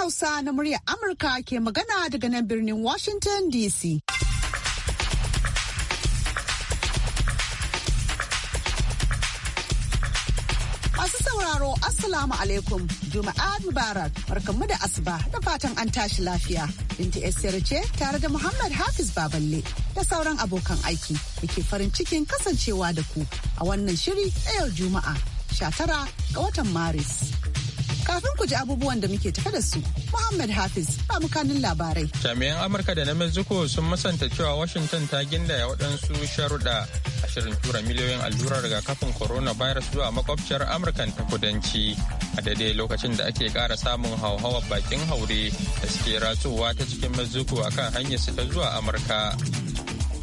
Hausa na muryar Amurka ke magana daga nan birnin Washington DC. Masu sauraro Assalamu alaikum Juma'a Mubarak barkamu da asuba da fatan an tashi lafiya. Binta Esther ce tare da Muhammad Hafiz Baballe da sauran abokan aiki da ke farin cikin kasancewa da ku a wannan shiri ɗayar yau Juma'a 19 ga watan Maris. Kafin ku ji abubuwan da muke tafe da su, Muhammad Hafiz ba kanin labarai. Jami'an Amurka da na Mexico sun masanta cewa Washington ta gindaya waɗansu sharuɗa a shirin tura miliyoyin allurar rigakafin coronavirus zuwa makwabciyar Amurka ta kudanci. A daidai lokacin da ake ƙara samun hauhawar bakin haure da suke ratsuwa ta cikin Mexico akan hanyar su ta zuwa Amurka.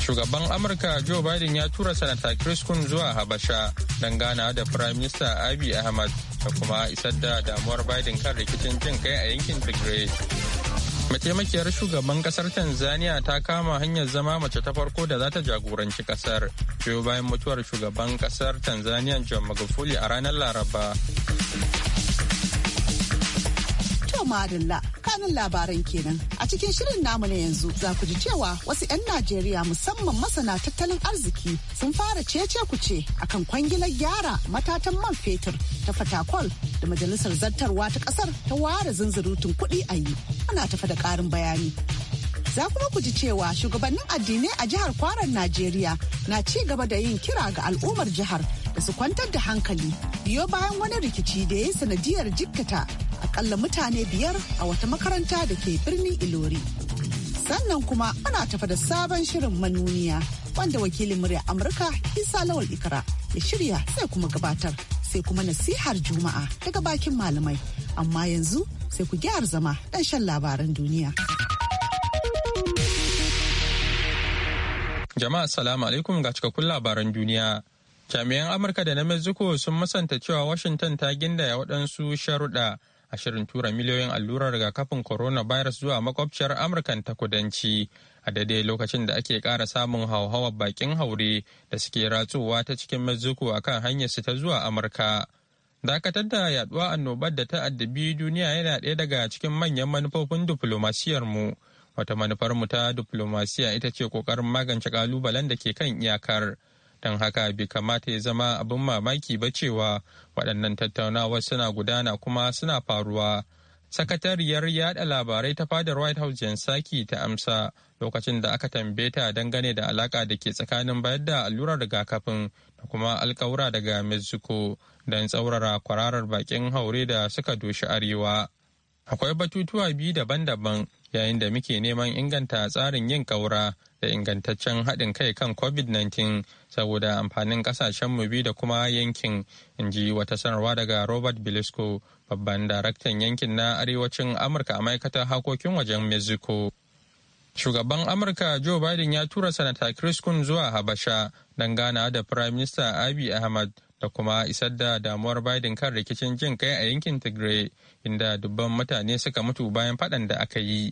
shugaban amurka joe biden ya tura sanata chris kun zuwa habasha don gana da prime minister abiy ahmad da kuma isar da damuwar Biden kan rikicin jin kai a yankin Tigray. Mataimakiyar shugaban kasar Tanzania ta kama hanyar zama mace ta farko da za ta jagoranci kasar, biyo bayan mutuwar shugaban kasar Tanzania John Magufuli a ranar Laraba. To Madalla kanin labaran kenan. A cikin shirin namu na yanzu za ku ji cewa wasu 'yan Najeriya musamman masana tattalin arziki sun fara cece kuce akan kwangilar gyara matatan man fetur ta Fatakwal da majalisar zartarwa ta kasar ta ware zunzurutun kuɗi a yi. Ana tafa da karin bayani. Za kuma ku ji cewa shugabannin addinai a jihar kwaran Najeriya na ci gaba da yin kira ga al'ummar jihar da su kwantar da hankali biyo bayan wani rikici da ya yi sanadiyar jikkata akalla mutane biyar a wata makaranta da ke birnin Ilori. Sannan kuma ana tafa da sabon shirin manuniya wanda wakilin murya Amurka Isa Lawal Ikra ya shirya sai kuma gabatar sai kuma nasihar Juma'a daga bakin malamai. Amma yanzu sai ku gyara zama dan shan labaran duniya. Jama'a salamu alaikum ga cikakkun labaran duniya. Jami'an Amurka da na Mexico sun masanta cewa Washington ta gindaya waɗansu sharuɗa a shirin tura miliyoyin allurar rigakafin virus zuwa makwabciyar amurka ta kudanci a daidai lokacin da ake kara samun hauhawar bakin haure da suke ratsuwa ta cikin mazuku a kan hanyar su ta zuwa amurka dakatar da yaduwa annobar da ta addabi duniya yana ɗaya daga cikin manyan manufofin diflomasiyar mu wata manufar mu ta diplomasiya ita ce ƙoƙarin magance ƙalubalen da ke kan iyakar don haka bai kamata ya zama abin mamaki ba cewa waɗannan tattaunawar suna gudana kuma suna faruwa sakatariyar yada labarai ta fadar white house jan saki ta amsa lokacin da aka tambaye ta dangane da alaka da ke tsakanin bayar da allurar rigakafin da kuma alkawura daga mexico don tsaurara kwararar bakin haure da suka doshi arewa akwai batutuwa biyu daban-daban yayin da muke neman inganta tsarin yin kaura da ingantaccen haɗin kai kan covid-19 saboda amfanin ƙasashenmu biyu da kuma yankin in ji wata sanarwa daga robert bilisco babban daraktan yankin na arewacin amurka a ma'aikatar hakokin wajen mexico shugaban amurka joe biden ya tura sanata chris kun zuwa habasha don gana da prime minister abiy ahmad da kuma isar da damuwar biden kan rikicin jin kai a yankin tigray inda dubban mutane suka mutu bayan faɗan da aka yi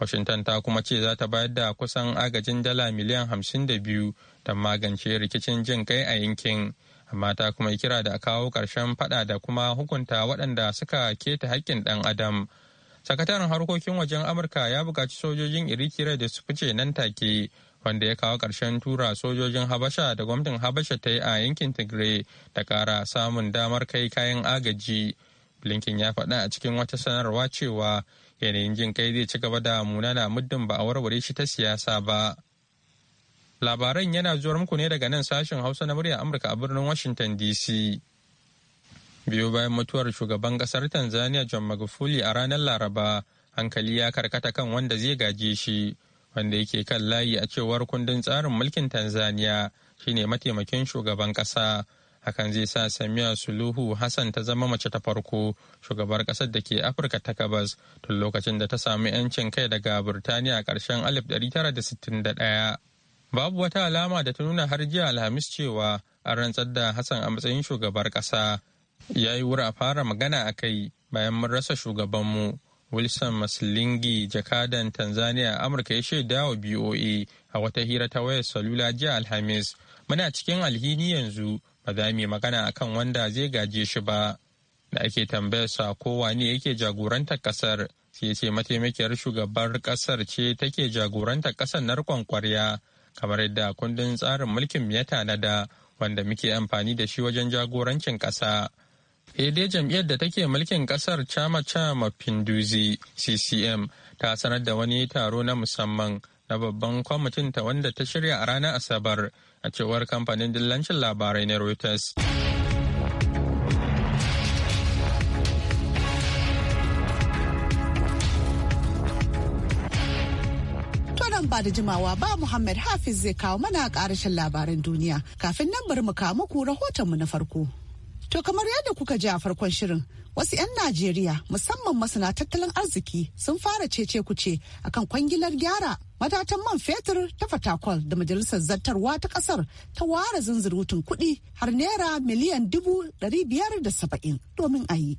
washington ta kuma ce za ta bayar da kusan agajin dala miliyan hamsin da biyu don magance rikicin jin kai a yankin amma ta kuma kira da kawo karshen fada da kuma hukunta waɗanda suka keta haƙƙin ɗan adam sakataren harkokin wajen amurka ya buƙaci sojojin irikira da su fice nan take wanda ya kawo ƙarshen tura sojojin habasha da gwamnatin habasha ta yi a yankin tigray da kara samun damar kai kayan agaji blinken ya faɗa a cikin wata sanarwa cewa yanayin jin kai zai ci gaba da munana muddin ba a warware shi ta siyasa ba labaran yana zuwar muku ne daga nan sashen hausa na murya amurka a birnin washington dc biyu bayan mutuwar shugaban kasar tanzania john magufuli a ranar laraba hankali ya karkata kan wanda zai gaje shi wanda yake kan layi a cewar kundin tsarin mulkin tanzania shine mataimakin shugaban kasa hakan zai sa samiya suluhu hassan ta zama mace ta farko shugabar kasar da ke afirka ta gabas tun lokacin da ta sami 'yancin kai daga birtaniya a da 1961 babu wata alama da ta nuna har jiya alhamis cewa an rantsar da hassan a matsayin shugabar kasa ya yi wura a fara magana a kai bayan mun rasa shugabanmu wilson maslingi jakadan tanzania amurka ya shaida wa boa a wata hira ta wayar salula jiya alhamis muna cikin alhini yanzu ba za mu yi magana akan wanda zai gaje shi ba da ake tambayarsa ko wane yake jagorantar kasar sai ce mataimakiyar shugabar kasar ce take jagorantar kasar narkon kwarya kamar yadda kundin tsarin mulkin ya tanada wanda muke amfani da shi wajen jagorancin kasa daidai eh, jam'iyyar da take mulkin kasar chama chama pinduzi ccm ta sanar da wani taro na musamman na babban kwamitin ta wanda ta shirya a ranar asabar a cewar kamfanin dillancin labarai na Reuters. ba da jimawa ba Muhammad Hafiz zai kawo mana a ƙarashin labarin duniya kafin nan bari mu kawo muku rahotonmu na farko. To kamar yadda kuka ji a farkon shirin, wasu 'yan Najeriya musamman masana tattalin arziki sun fara cece kuce akan kwangilar gyara matatan man fetur ta fatakwal da majalisar zartarwa ta kasar ta ware zunzurutun kuɗi har naira miliyan dubu ɗari biyar da saba'in domin a yi.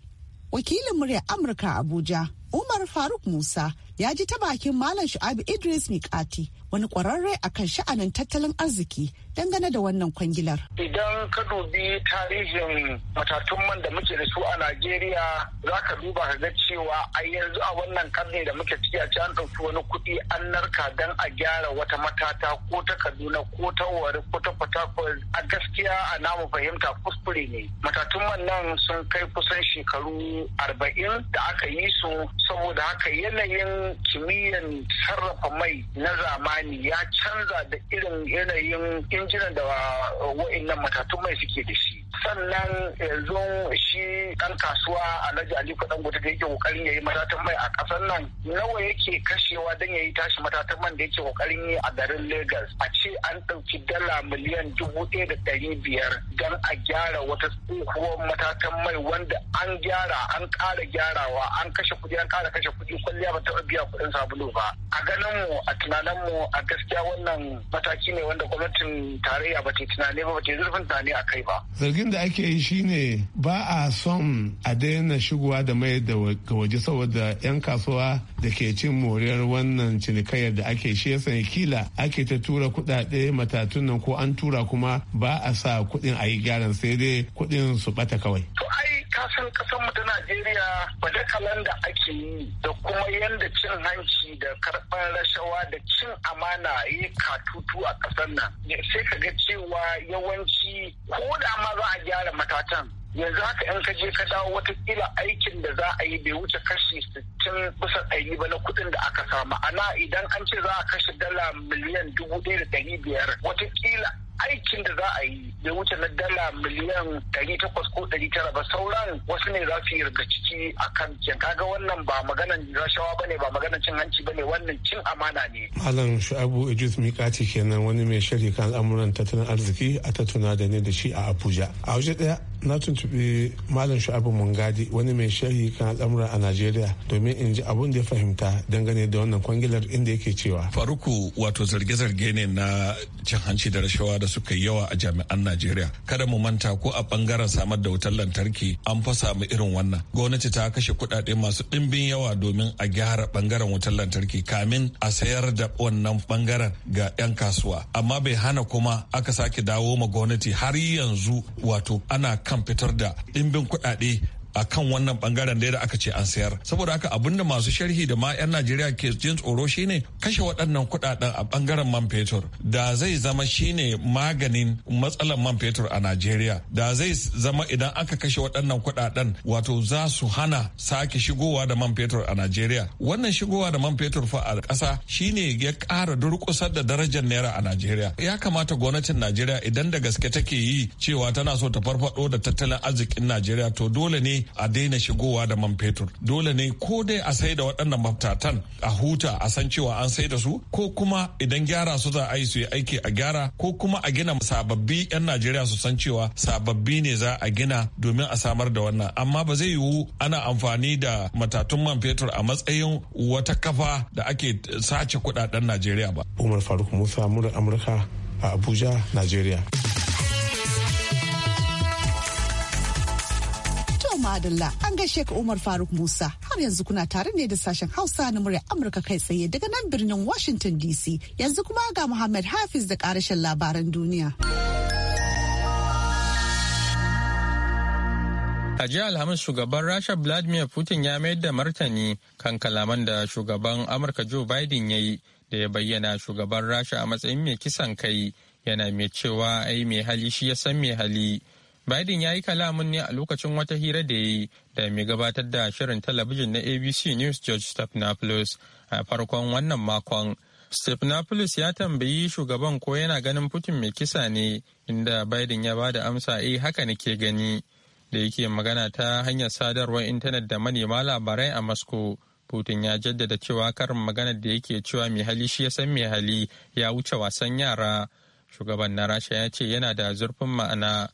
Wakilin Murya Amurka Abuja Umar Faruk Musa ya ji ta bakin Malam Shu'abu Idris Mikati wani kwararre a kan sha'anin tattalin arziki dangane da wannan kwangilar. Idan ka dubi tarihin matatun man da muke da su a Najeriya za ka duba ka ga cewa a yanzu a wannan karni da muke ciki a can ɗauki wani kuɗi an narka dan a gyara wata matata ko ta Kaduna ko ta Wari ko ta Fatakwal a gaskiya a namu fahimta kuskure ne. Matatun man nan sun kai kusan shekaru arba'in da aka yi su saboda haka yanayin kimiyyar sarrafa mai na zamani zamani ya canza da irin yanayin injinan da uh, nan matatun mai suke da shi sannan yanzu shi ɗan kasuwa alhaji aliko gudu da yake kokarin ya yi matatan mai a ƙasar nan nawa yake kashewa don ya yi tashi matatan man da yake kokarin yi a garin lagos a ce an ɗauki dala miliyan dubu ɗaya da ɗari biyar don a gyara wata tsohuwar matatan mai wanda an gyara an ƙara gyarawa an kashe kuɗi an ƙara kashe kuɗi kwalliya ba taɓa biya kuɗin sabulu ba a ganin mu a tunanin mu a gaskiya wannan mataki ne wanda gwamnatin tarayya ba ta tunani ba ba ta zurfin tunani a kai ba. zargin da ake yi shine ba a son a daina shigowa da mai da waje saboda 'yan kasuwa da ke cin moriyar wannan cinikayyar da ake shi yasa kila ake ta tura kudade matatun ko an tura kuma ba a sa kudin a yi gyaran sai dai kudin su bata kawai. kasan kasan mu ta Najeriya badakalan da ake yi da kuma yadda cin hanci da karɓar rashawa da cin amana ya katutu a ƙasar nan sai ka ga cewa yawanci ko da ma za a gyara matatan yanzu haka in ka je ka dawo watakila aikin da za a yi bai wuce kashi sittin bisa ɗari ba na kuɗin da aka samu ana idan an ce za a kashe dala miliyan dubu ɗaya da ɗari biyar watakila aikin da za a yi ya wuce na dala miliyan ɗari takwas ko ɗari tara ba sauran wasu ne za su yi da ciki a kan kaga wannan ba maganan rashawa ba ne ba maganan cin hanci ba ne wannan cin amana ne. Malam Shu'abu Idris Mikati kenan wani mai shari'a kan al'amuran tattalin arziki a tattuna da ne da shi a Abuja. A waje ɗaya na tuntubi malam shu'abu mungadi wani mai sharhi kan al'amura a najeriya domin in ji abun da ya fahimta dangane da wannan kwangilar inda yake cewa faruku wato zarge-zarge ne na cin hanci da rashawa da suka yi yawa a jami'an najeriya kada mu manta ko a bangaren samar da wutar lantarki an fa samu irin wannan gwamnati ta kashe kuɗaɗe masu ɗimbin yawa domin a gyara bangaren wutar lantarki kamin a sayar da wannan bangaren ga 'yan kasuwa amma bai hana kuma aka sake dawo ma gwamnati har yanzu wato ana kan fitar da ɗimbin kuɗaɗe a kan wannan bangaren da aka ce an sayar saboda haka abinda masu sharhi da ma 'yan najeriya ke jin tsoro shine kashe waɗannan kuɗaɗen a bangaren man fetur da zai zama shine maganin matsalar man fetur a najeriya da zai zama idan aka kashe waɗannan kuɗaɗen wato za su hana sake shigowa da man fetur a najeriya wannan shigowa da man fetur fa a ƙasa shine ya ƙara durƙusar da darajar naira a najeriya ya kamata gwamnatin najeriya idan da gaske take yi cewa tana so ta farfado da tattalin arzikin najeriya to dole ne a daina shigowa da man fetur dole ne ko dai a sai da waɗannan mafitatan a huta a san cewa an sai da su ko kuma idan gyara su za a yi su yi aiki a gyara ko kuma a gina sababbi 'yan najeriya su san cewa sababbi ne za a gina domin a samar da wannan amma ba zai yiwu ana amfani da matatun man fetur a matsayin wata kafa da ake sace kuɗaɗen najeriya ba umar faruk musa murar amurka a abuja najeriya madalla an gaishe ka Umar Faruk Musa har yanzu kuna tare ne da sashen Hausa na murya Amurka kai tsaye daga nan birnin Washington DC yanzu kuma ga Muhammad Hafiz da karashen labaran duniya. A jiya Alhamis shugaban Rasha Vladimir Putin ya mayar da martani kan kalaman da shugaban Amurka Joe Biden ya yi da ya bayyana shugaban Rasha a matsayin mai kisan kai yana mai cewa ai mai hali shi ya san mai hali. Biden ya yi kalamin ne a lokacin wata hira da ya yi da mai gabatar da shirin talabijin na ABC News George Stephanopoulos a farkon wannan makon. Stephanopoulos ya tambayi shugaban ko yana ganin Putin mai kisa ne inda Biden ya ba da amsa eh haka nake gani. Da yake magana ta hanyar sadarwar intanet da manema labarai a Moscow. Putin ya jaddada cewa karin magana da yake cewa mai hali shi ya san mai hali ya wuce wasan yara. Shugaban na Rasha ya ce yana da zurfin ma'ana.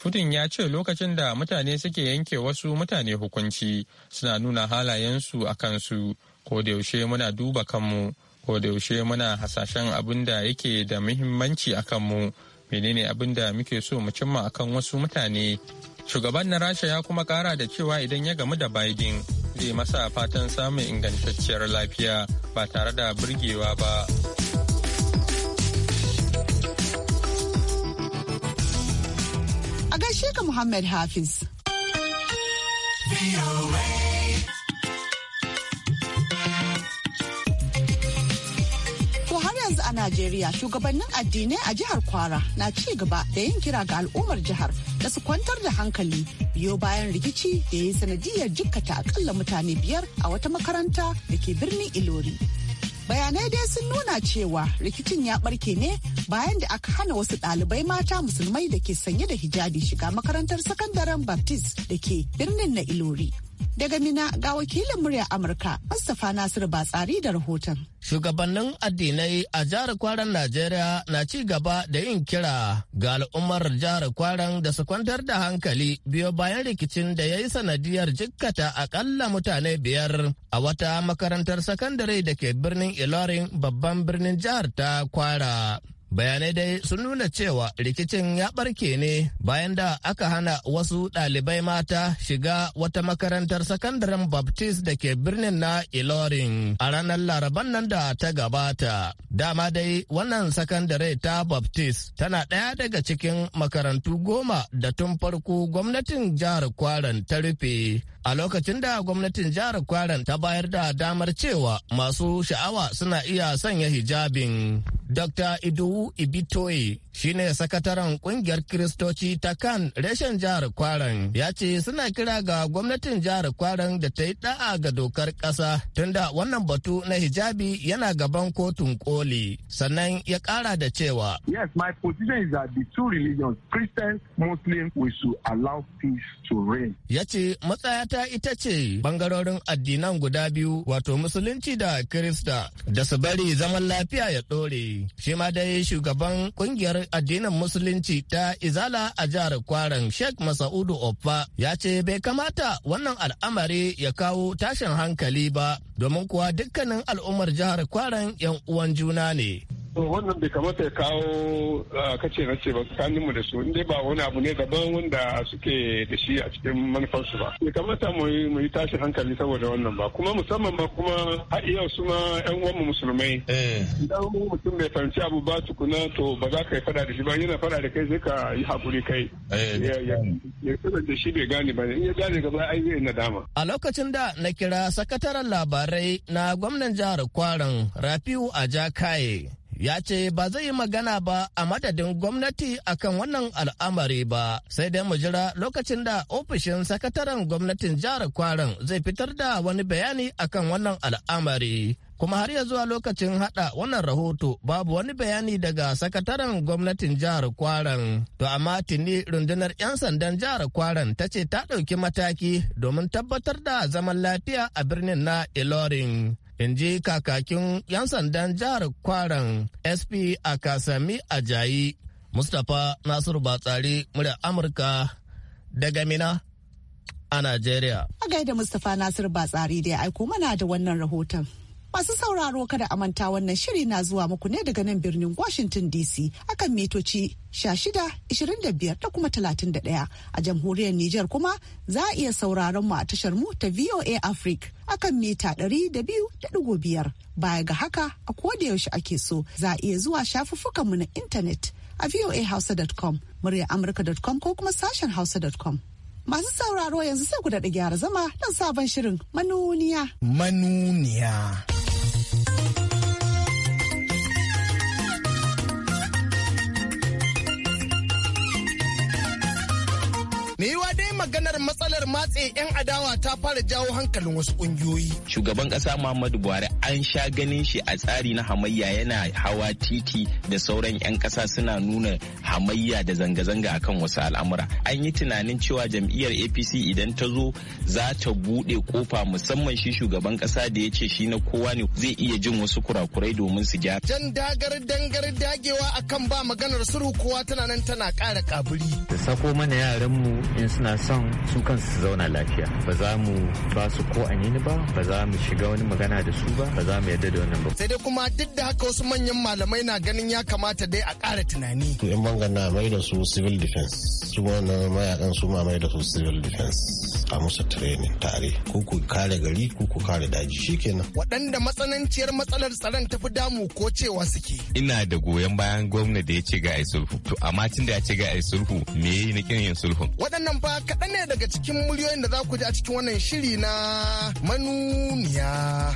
Putin ya ce lokacin da mutane suke yanke wasu mutane hukunci suna nuna halayensu a kansu ko da yaushe muna duba kanmu ko da yaushe muna hasashen abin da yake da muhimmanci a kanmu menene abin da muke so mu cimma a kan wasu mutane shugaban na rasha ya kuma kara da cewa idan ya gamu da biden zai masa fatan samun ingantacciyar lafiya ba tare da burgewa ba. A gaishe ka Muhammad Hafiz. yanzu a Najeriya shugabannin addinai a jihar Kwara na ci gaba da yin kira ga al'ummar jihar da su kwantar da hankali biyo bayan rikici da ya yi sanadiyar jikkata akalla mutane biyar a wata makaranta da ke birnin Ilori. bayanai dai sun nuna cewa rikicin ya barke ne bayan da aka hana wasu ɗalibai mata musulmai da ke sanye da hijabi shiga makarantar sakandaren baptist da ke birnin na ilori Daga Mina ga wakilin murya Amurka Mustapha Nasiru Batsari da rahoton. Shugabannin addinai a jihar Kwaran Najeriya na ci gaba da yin kira ga al'ummar jihar Kwaran da su kwantar da hankali biyo bayan rikicin da ya yi sanadiyar jikkata akalla mutane biyar a wata makarantar sakandare da ke birnin Ilorin babban birnin jihar ta Kwara. bayanai dai sun nuna cewa rikicin ya barke ne bayan da aka hana wasu ɗalibai mata shiga wata makarantar sakandaren baptist da ke birnin na ilorin a ranar laraban nan da ta gabata dama dai wannan sakandare ta baptist tana ɗaya daga cikin makarantu goma da tun farko gwamnatin jihar kwaran ta rufe a lokacin da gwamnatin jihar kwaran ta bayar da damar cewa masu sha'awa suna iya sanya hijabin dr idu ibitoye shine sakataren kungiyar kiristoci ta kan reshen jihar kwaran ya ce suna kira ga gwamnatin jihar kwaran da ta yi da'a ga dokar kasa tunda wannan batu na hijabi yana gaban kotun koli sannan ya kara da cewa yes my position is that the two religions christian muslim we should allow peace to reign ya ce matsaya ita ita ce bangarorin addinan guda biyu wato musulunci da kirista da su bari zaman lafiya ya ɗore. Shi ma dai shugaban kungiyar addinan musulunci ta Izala a jihar Kwaran Sheikh Masaudu Offa ya ce bai kamata wannan al'amari ya kawo tashin hankali ba domin kuwa dukkanin al'ummar jihar Kwaran 'yan uwan juna ne. to wannan bai kamata ya kawo kace na ce ba mu da su inda ba wani abu ne daban wanda suke da shi a cikin manufarsu ba bai kamata mu yi tashi hankali saboda wannan ba kuma musamman ba kuma har iya su ma yan mu musulmai eh. idan mutum bai fahimci abu ba tukuna to ba za ka yi fada da shi ba yana fada da kai sai ka yi hakuri kai eh, ya da shi bai gane ba in ya gane gaba ai zai nadama a lokacin da na kira sakataren labarai na gwamnan jihar Kwaran, rafiu ajakaye ya ce ba zai yi magana ba a madadin gwamnati akan wannan al'amari ba sai dai mu jira lokacin da ofishin sakataren gwamnatin jihar kwaran zai fitar da wani bayani akan wannan al'amari kuma har ya zuwa lokacin hada wannan rahoto babu wani bayani daga sakataren gwamnatin jihar kwaran to amma tuni rundunar 'yan sandan jihar kwaran ta ce ta ɗauki mataki domin tabbatar da zaman lafiya a birnin na ilorin in ji kakakin 'yan sandan jihar kwaran sp a akasami ajayi mustapha nasiru batsari murya amurka daga mina a najeriya a gaida mustapha nasiru batsari da ya aiko mana da wannan rahoton Masu sauraro kada a manta wannan shiri na zuwa muku ne daga nan birnin Washington DC akan mitoci 16 da kuma 31 a jamhuriyar Nijar kuma za a iya sauraron mu a tashar mu ta VOA Africa akan mita 200.5 baya ga haka a yaushe ake so za a iya zuwa shafuffukanmu na intanet a voahausa.com muryar amurka.com ko kuma sashen hausa.com. Masu sauraro yanzu sai ku daɗa gyara zama don sabon shirin manuniya. Manuniya. Ni yiwa maganar matsalar matse 'yan adawa ta fara jawo hankalin wasu ƙungiyoyi. Shugaban ƙasa Muhammadu Buhari an sha ganin shi a tsari na hamayya yana hawa titi da sauran 'yan ƙasa suna nuna hamayya da zanga-zanga akan wasu al'amura. An yi tunanin cewa jam'iyyar APC idan ta zo za ta buɗe kofa musamman shi shugaban ƙasa da ya ce shi na kowa ne zai iya jin wasu kurakurai domin su gyara. Jan dagar dangar dagewa akan ba maganar sulhu kowa tana nan tana ƙara kaburi. Da sako mana yaranmu in suna son su kansu su zauna lafiya ba za mu ba su ko anini ba ba za mu shiga wani magana da su ba ba za mu yadda da wannan ba sai dai kuma duk da haka wasu manyan malamai na ganin ya kamata dai a ƙara tunani yan bangana mai da su civil defense su wannan mayakan su ma mai da su civil defense a musu training tare ko ku kare gari ko ku kare daji shikenan waɗanda matsananciyar matsalar tsaron ta fi damu ko cewa suke ina da goyon bayan gwamna da ya ce ga ai sulhu to amma tun da ya ce ga ai sulhu me yayi na kin yin sulhu waɗannan fa kaɗan ne daga cikin muryoyin da za ku ji a cikin wannan shiri na manuniya.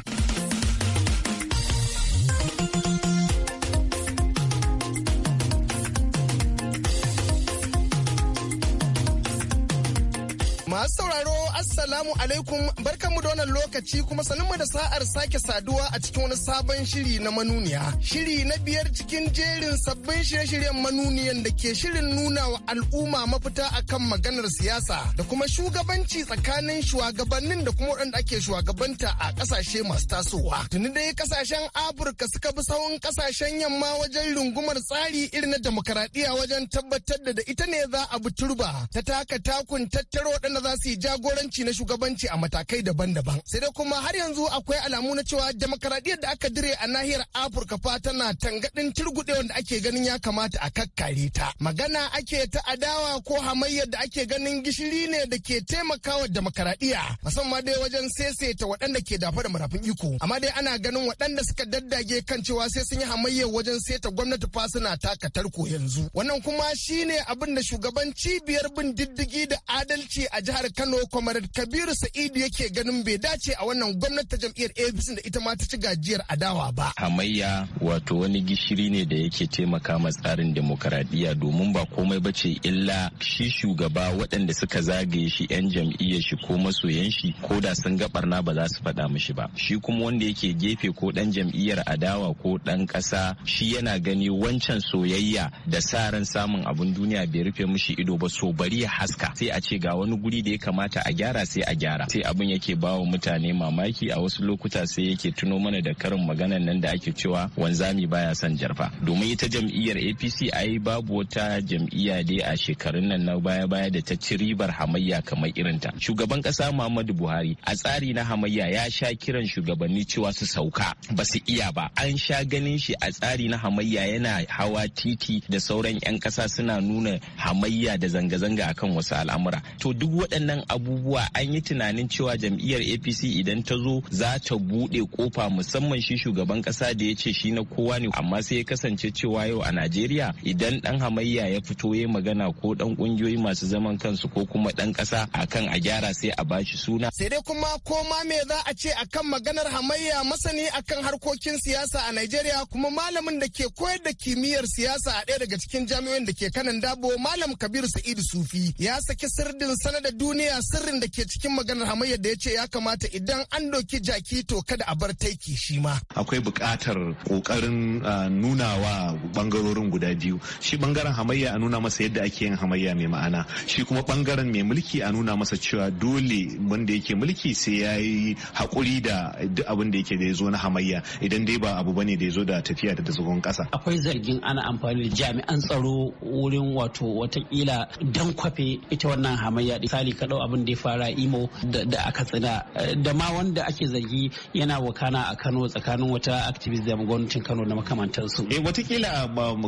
Masu sauraro Assalamu alaikum barkanmu da wannan lokaci kuma sanin da sa'ar sake saduwa a cikin wani sabon shiri na manuniya. Shiri na biyar cikin jerin sabbin shirye-shiryen manuniyan da ke shirin nuna wa al'umma mafita akan maganar siyasa da kuma shugabanci tsakanin shugabannin da kuma waɗanda ake shugabanta a kasashe masu tasowa. Tuni dai kasashen Afirka suka bi sahun kasashen yamma wajen rungumar tsari irin na demokaradiyya wajen tabbatar da ita ne za a bi turba ta taka takun tattaro waɗanda za su yi jagoranci shugabanci na shugabanci a matakai daban-daban sai dai kuma har yanzu akwai alamu na cewa demokaradiyyar da aka dire a nahiyar afirka fa tana tangadin turgude wanda ake ganin ya kamata a kakkare ta magana ake ta adawa ko hamayyar da ake ganin gishiri ne da ke taimakawa demokaradiyya musamman dai wajen saisaita waɗanda ke dafa da marafin iko amma dai ana ganin waɗanda suka daddage kan cewa sai sun yi hamayyar wajen seta gwamnati fa suna taka tarko yanzu wannan kuma shine abin da shugaban cibiyar bin diddigi da adalci a jihar Kano kwamar da kabiru sa'idu yake ganin bai dace a wannan gwamnati jam'iyyar apc da ita ma ta ci gajiyar adawa ba hamayya wato wani gishiri ne da yake taimaka ma tsarin demokaradiyya domin ba komai ba ce illa shi shugaba waɗanda suka zagaye shi 'yan jam'iyyar shi ko masoyan shi ko da sun ga barna ba za su faɗa mishi ba shi kuma wanda yake gefe ko ɗan jam'iyyar adawa ko ɗan ƙasa shi yana gani wancan soyayya da sa ran samun abin duniya bai rufe mishi ido ba so bari ya haska sai a ce ga wani guri da ya kamata a gyara gyara sai a gyara sai abin yake ba wa mutane mamaki a wasu lokuta sai yake tuno mana da karin maganan nan da ake cewa wanzami baya son jarfa domin ita jam'iyyar apc ai babu wata jam'iyya dai a shekarun nan na baya baya da ta ci ribar hamayya kamar irinta shugaban kasa muhammadu buhari a tsari na hamayya ya sha kiran shugabanni cewa su sauka ba su iya ba an sha ganin shi a tsari na hamayya yana hawa titi da sauran 'yan kasa suna nuna hamayya da zanga-zanga akan wasu al'amura to duk waɗannan abubuwa cewa an yi tunanin cewa jam'iyyar apc idan ta zo za ta buɗe kofa musamman shi shugaban ƙasa da ya ce shi na kowa ne amma sai ya kasance cewa yau a najeriya idan dan hamayya ya fito ya magana ko dan ƙungiyoyi masu zaman kansu ko kuma ɗan ƙasa akan a gyara sai a bashi suna sai dai kuma ko ma me za a ce akan maganar hamayya masani akan harkokin siyasa a najeriya kuma malamin da ke koyar da kimiyyar siyasa a ɗaya daga cikin jami'o'in da ke kanan dabo malam kabiru sa'idu sufi ya saki sirdin sanar da duniya sirrin da ke cikin maganar hamayya da ya ce ya kamata idan an doki jaki to kada a bar taiki shi ma. Akwai buƙatar ƙoƙarin nuna wa ɓangarorin guda biyu. Shi ɓangaren hamayya a nuna masa yadda ake yin hamayya mai ma'ana. Shi kuma ɓangaren mai mulki a nuna masa cewa dole wanda yake mulki sai ya yi haƙuri da duk abin da yake da ya zo na hamayya idan dai ba abu bane da ya zo da tafiya da zagon ƙasa. Akwai zargin ana amfani da jami'an tsaro wurin wato watakila dan kwafe ita wannan hamayya. Misali ka ɗau abin da ya fara imo da aka tsina eh, da ma wanda ake zargi yana wakana a kano tsakanin wata activist da gwamnatin kano da makamantansu. eh watakila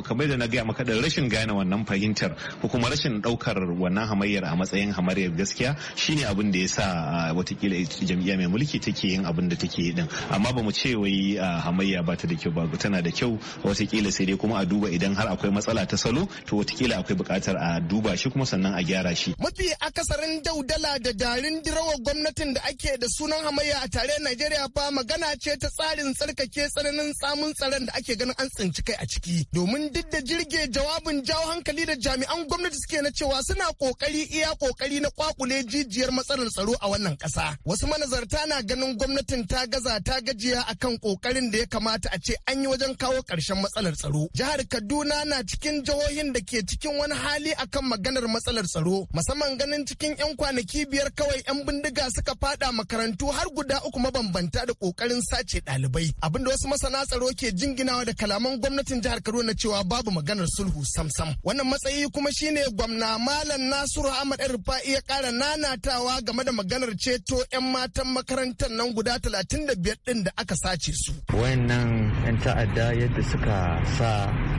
kamar da na gaya maka da rashin gane wannan fahimtar ko kuma rashin daukar wannan hamayyar a matsayin hamayyar gaskiya shine abin da ya sa ah, watakila jam'iyya mai mulki take yin abin da take din amma ba mu ce wai ah, hamayya ba ta da kyau ba tana da kyau watakila sai dai kuma a duba idan har akwai matsala ta salo to watakila akwai bukatar a duba shi kuma sannan a gyara shi mafi akasarin daudala da da darin dirawar gwamnatin da ake da sunan hamayya a tare Najeriya fa magana ce ta tsarin tsarkake tsananin samun tsaron da ake ganin an tsinci kai a ciki. Domin duk da jirge jawabin jawo hankali da jami'an gwamnati suke na cewa suna kokari iya kokari na kwakule jijiyar matsalar tsaro a wannan kasa. Wasu manazarta na ganin gwamnatin ta gaza ta gajiya akan kokarin da ya kamata a ce an yi wajen kawo ƙarshen matsalar tsaro. Jihar Kaduna na cikin jihohin da ke cikin wani hali akan maganar matsalar tsaro musamman ganin cikin 'yan kwanaki biyar biyar kawai 'yan bindiga suka fada makarantu har guda uku mabambanta da kokarin sace dalibai abinda wasu masana tsaro ke jinginawa da kalaman gwamnatin jihar Kaduna cewa babu maganar sulhu samsam wannan matsayi kuma shine gwamna malam Nasiru Ahmad Rufa'i ya kara nanatawa game da maganar ceto 'yan matan makarantar nan guda 35 din da aka sace su wayannan 'yan ta'adda yadda suka sa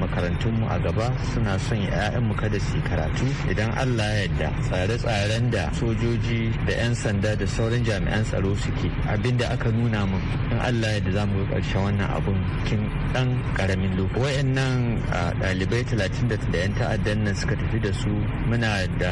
makarantunmu a gaba suna son mu kada su karatu idan Allah ya yarda tsare-tsaren da sojoji sojoji da 'yan sanda da sauran jami'an tsaro suke abin da aka nuna mu in allah ya da za mu karshe wannan abun kin dan karamin lokaci wayannan dalibai talatin da yan ta'addan nan suka tafi da su muna da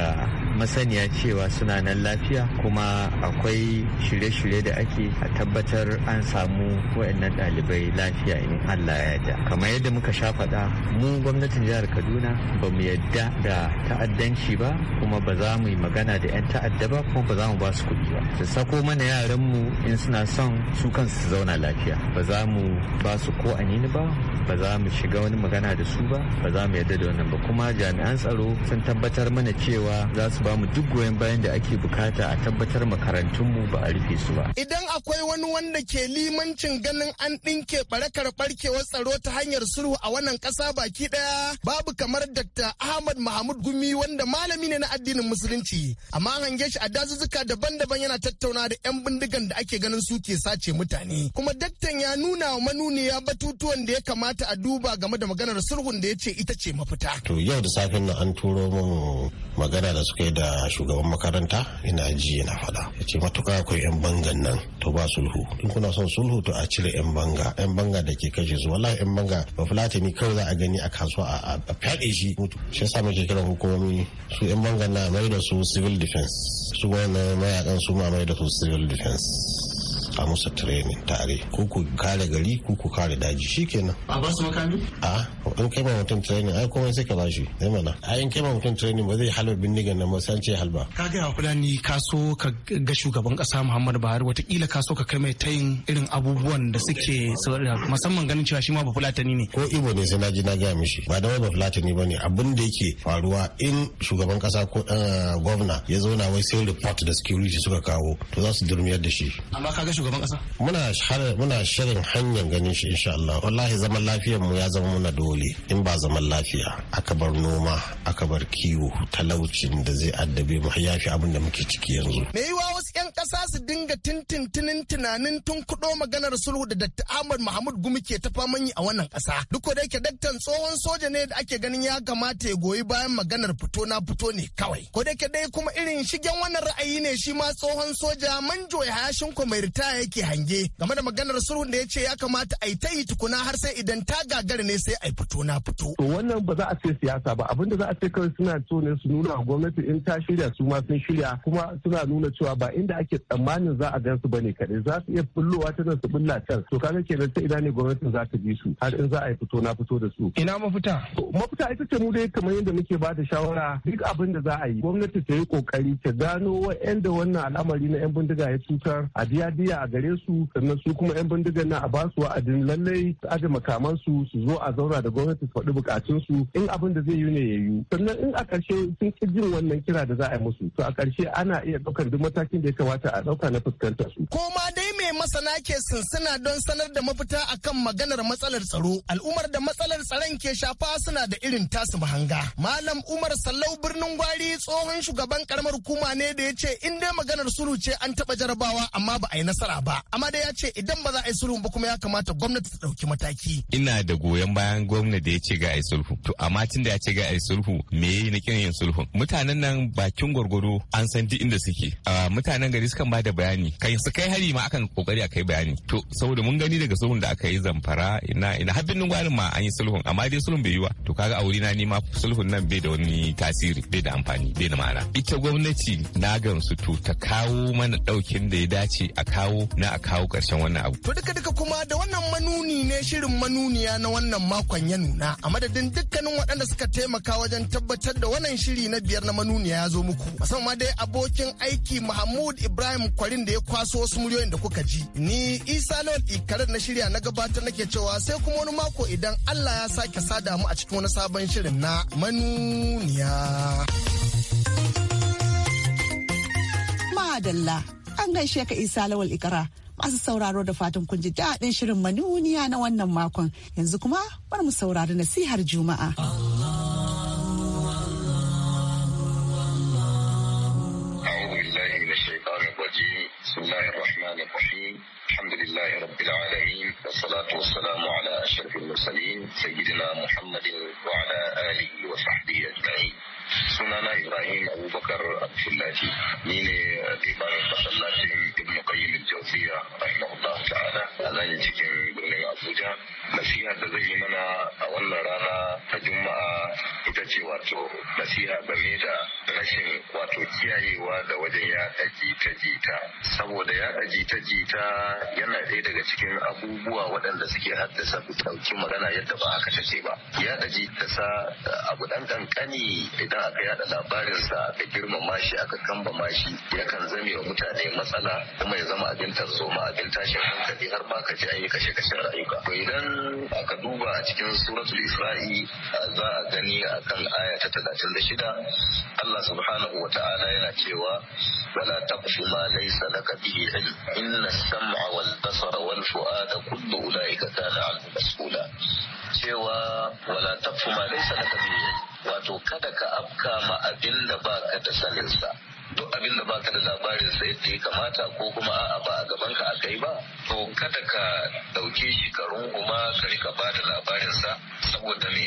masaniya cewa suna nan lafiya kuma akwai shirye-shirye da ake a tabbatar an samu wayannan dalibai lafiya in allah ya yarda kamar yadda muka sha faɗa mu gwamnatin jihar kaduna ba mu yadda da ta'addanci ba kuma ba za mu yi magana da 'yan ta'adda ba ko ba za mu ba su kuɗi ba su sako mana yaran mu in suna son su kansu su zauna lafiya ba za mu ba su ko anini ba ba za mu shiga wani magana da su ba ba za mu yarda da wannan ba kuma jami'an tsaro sun tabbatar mana cewa za su ba mu duk goyon bayan da ake bukata a tabbatar makarantun mu ba a rufe su ba idan akwai wani wanda ke limancin ganin an ɗinke barakar barkewar tsaro ta hanyar sulhu a wannan ƙasa baki ɗaya babu kamar dr ahmad mahmud gumi wanda malami ne na addinin musulunci amma hange shi a dazuzzuka daban-daban yana tattauna da 'yan bindigan da ake ganin su ke sace mutane. Kuma daktan ya nuna wa manuniya batutuwan da ya kamata a duba game da maganar sulhun da ya ce ita ce mafita. To yau da safin nan an turo min magana da suka yi da shugaban makaranta ina ji yana faɗa. Ya ce matuƙa akwai 'yan bangan nan to ba sulhu. In kuna son sulhu to a cire 'yan banga. 'Yan banga da ke kashe su wallahi 'yan banga ba fulatani kawai za a gani a kasuwa a fyaɗe shi. Shi yasa muke kiran hukumomi su 'yan bangan na mai da su civil defense. Su وانا ما انصوم ما يدخل السيفل ديفنس a Musa training tare ko ku kare gari ko ku kare daji shikenan a ba su makami a in kai ma mutum training ai komai sai ka bashi zai mana ai in kai ma mutum training ba zai halar bindigan nan ba san ce halba ka ga fulani ka so ka ga shugaban kasa Muhammadu Buhari watakila ka so ka kai mai tayin irin abubuwan da suke musamman ganin cewa shi ma ba fulatani ne ko ibo ne sai na ji na gaya mishi ba da wai ba fulatani ba ne abin da yake faruwa in shugaban kasa ko eh, gwamna ya zauna wai sai report da security suka kawo to za su durmiyar da shi amma ka ga shugaban kasa muna muna shirin hanyar ganin shi insha Allah wallahi zaman lafiyar mu ya zama muna dole in ba zaman lafiya aka bar noma aka bar kiwo talaucin da zai addabe mu yafi abin da muke ciki yanzu me yiwa wasu yan kasa su dinga da tintintinin tunanin tun kuɗo maganar sulhu da Dr. Ahmad Mahmud Gumi ke ta faman yi a wannan kasa Duk da yake daktan tsohon soja ne da ake ganin ya kamata ya goyi bayan maganar fito na fito ne kawai. Ko da yake dai kuma irin shigen wannan ra'ayi ne shi ma tsohon soja manjo ya hashin mai ritaya yake hange game da maganar sulhu da ya ce ya kamata a yi ta yi tukuna har sai idan ta gagara ne sai a yi fito na fito. To wannan ba za a ce siyasa ba abin za a ce kawai suna so ne su nuna gwamnati in ta shirya su ma sun shirya kuma suna nuna cewa ba inda ake tsammanin za a gan su ne kaɗai za su iya bullowa ta nan su bulla can to kaga kenan ta ina ne gwamnatin za ta bi su har in za a yi fito na fito da su ina mafita mafita ita ce mu dai kamar yadda muke ba da shawara duk abin da za a yi gwamnati ta yi kokari ta gano wa'anda wannan al'amari na yan bindiga ya cutar a biya biya a gare su sannan su kuma yan bindigan na a ba su wa'adin lallai su aje makaman su su zo a zauna da gwamnati su faɗi bukatun su in abin da zai yi ne ya yi sannan in a ƙarshe sun ƙi wannan kira da za a yi musu to a ƙarshe ana iya ɗaukar duk matakin da ya kamata a ɗauka na fuskanta su. Koma dai mai masana ke sinsina don sanar da mafita akan maganar matsalar tsaro. Al'ummar da matsalar tsaron ke shafa suna da irin tasu mahanga. Malam Umar Sallau birnin Gwari tsohon shugaban karamar hukuma ne da ya ce in dai maganar sulhu ce an taɓa jarabawa amma ba a yi nasara ba. Amma dai ya ce idan ba za a yi sulhu ba kuma ya kamata gwamnati ta ɗauki mataki. Ina da goyon bayan gwamnati da ya ce ga a yi sulhu. To amma tun da ya ce ga a yi sulhu me na kiran yin sulhun. Mutanen nan bakin gwargwaro an san duk inda suke. Ah, mutanen gari sukan ba da bayani bayani kai su kai hari ma akan kokari a kai bayani to saboda mun gani daga sulhun da aka yi zamfara ina ina har nan ma an yi sulhun amma dai sulhun bai yi ba to kaga a wurina ni ma sulhun nan bai da wani tasiri bai da amfani bai da ma'ana ita gwamnati na gamsu to ta kawo mana daukin da ya dace a kawo na a kawo karshen wannan abu to duka duka kuma da wannan manuni ne shirin manuniya na wannan makon ya nuna a madadin dukkanin waɗanda suka taimaka wajen tabbatar da wannan shiri na biyar na manuniya ya zo muku musamman dai abokin aiki mahmud ibrahim kwarin da da ya kwaso wasu muryoyin da kuka ji ni isa lawal ikarar na shirya na gabatar nake cewa sai kuma wani mako idan allah ya sake sada mu a cikin wani sabon shirin na manuniya madalla an gaishe ka isa lawal ikara masu sauraro da fatan kun ji daɗin shirin manuniya na wannan makon yanzu kuma bari mu saurari nasihar juma'a الحمد لله رب العالمين والصلاة والسلام على أشرف المرسلين سيدنا محمد وعلى آله وصحبه أجمعين sunana ibrahim abubakar abdullahi ni ne limamin eh, masallacin ibn qayyim al-jawziya rahimahullah ta'ala a cikin birnin abuja nasiha da zai yi mana a wannan rana ta juma'a ita ce wato nasiha game da rashin wato kiyayewa da wajen yaɗa jita-jita saboda yaɗa jita-jita yana ɗaya daga cikin abubuwa waɗanda suke haddasa ku ɗauki magana yadda ba haka ta ce ba yaɗa jita eh, abu ɗan ƙanƙani idan aka yada labarinsa aka girmama shi aka kambama shi yakan zame wa mutane matsala kuma ya zama abin tarzoma abin tashin hankali har ba ka ji ayi kashe kashen rayuka to idan aka duba a cikin suratul isra'i za a gani a kan aya ta talatin da shida Allah subhanahu wa ta'ala yana cewa wala taqfu ma laysa laka bihi ilm inna as-sam'a wal basara wal fu'ada kullu ka kana al mas'ula cewa wala taqfu ma laysa laka bihi ilm wato kada ka afka ma abin da baka da saninsa duk abin da baka da labarin sa yadda ya kamata ko kuma a'a ba a gaban ka aka ba to kada ka dauke shi ka runguma ka rika ba da labarin sa saboda me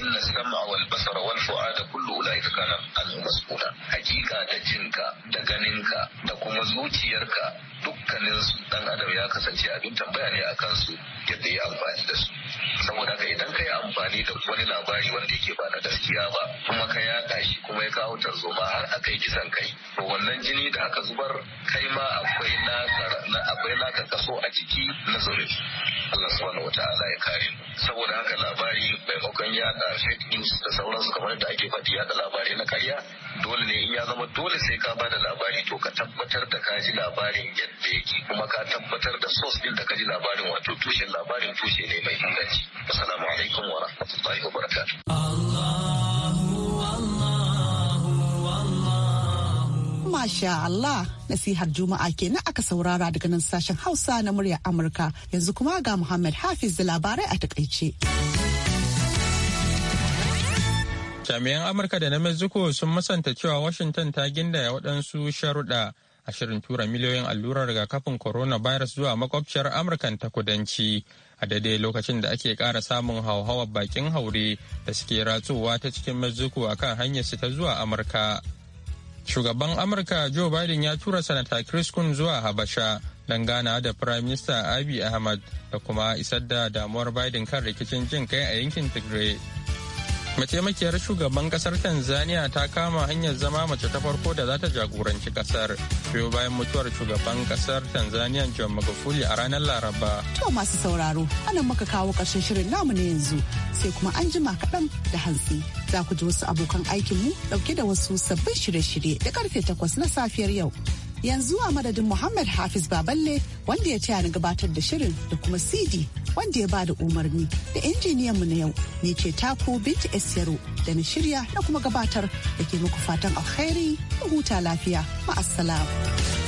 inna sam'a wal basara wal fu'ada kullu ka kana al mas'ula hakika da jinka da ganinka da kuma zuciyarka dukkanin su dan adam ya kasance abin tambaya ne akan su yadda ya amfani da su saboda haka idan ka yi amfani da wani labari wanda yake ba na gaskiya ba kuma ka yaɗa shi kuma ya kawo tarzoma har aka yi kisan kai to wannan jini da aka zubar kai ma akwai na akwai naka kaso a ciki na zunubi Allah subhanahu wataala ya kare saboda haka labari maimakon yaɗa fake news da sauransu kamar da ake faɗi yaɗa labari na karya dole ne in ya zama dole sai ka bada labari to ka tabbatar da ka ji labarin yadda yake kuma ka tabbatar da source din da ka ji labarin wato tushen labarin tushe ne mai inganci assalamu alaikum wa rahmatullahi wa barakatuh Masha Allah nasihar Juma'a kenan aka saurara daga nan sashen Hausa na murya Amurka yanzu kuma ga Muhammad Hafiz da labarai a takaice. Jami'an Amurka da na Mexico sun masanta cewa Washington ta gindaya waɗansu sharuɗa a shirin tura miliyoyin allurar rigakafin coronavirus zuwa makwabciyar Amurkan ta kudanci a daidai lokacin da ake kara samun hauhawar bakin haure da suke ratsuwa ta cikin Mexico akan hanyar su ta zuwa Amurka. Shugaban Amurka Joe Biden ya tura Sanata Chris Kun zuwa Habasha don gana da Prime Minister Abiy Ahmad da kuma isar da damuwar Biden kan rikicin jin kai a yankin Tigray. mataimakiyar shugaban kasar tanzania ta kama hanyar zama mace ta farko da za ta jagoranci kasar biyo bayan mutuwar shugaban kasar tanzania john magufuli a ranar laraba to masu sauraro anan muka kawo ƙarshen shirin namu na yanzu sai kuma an jima kaɗan da hantsi za ku ji wasu abokan aikinmu ɗauke da wasu sabbin shirye-shirye da karfe takwas na safiyar yau yanzu a madadin Muhammad Hafiz Baballe wanda ya taya ni gabatar da shirin da kuma CD wanda ya bada umarni da injiniyan mu na yau ni ce taku Binta Esiyaro da na shirya na kuma gabatar da ke muku fatan alkhairi huta lafiya ma'assalam.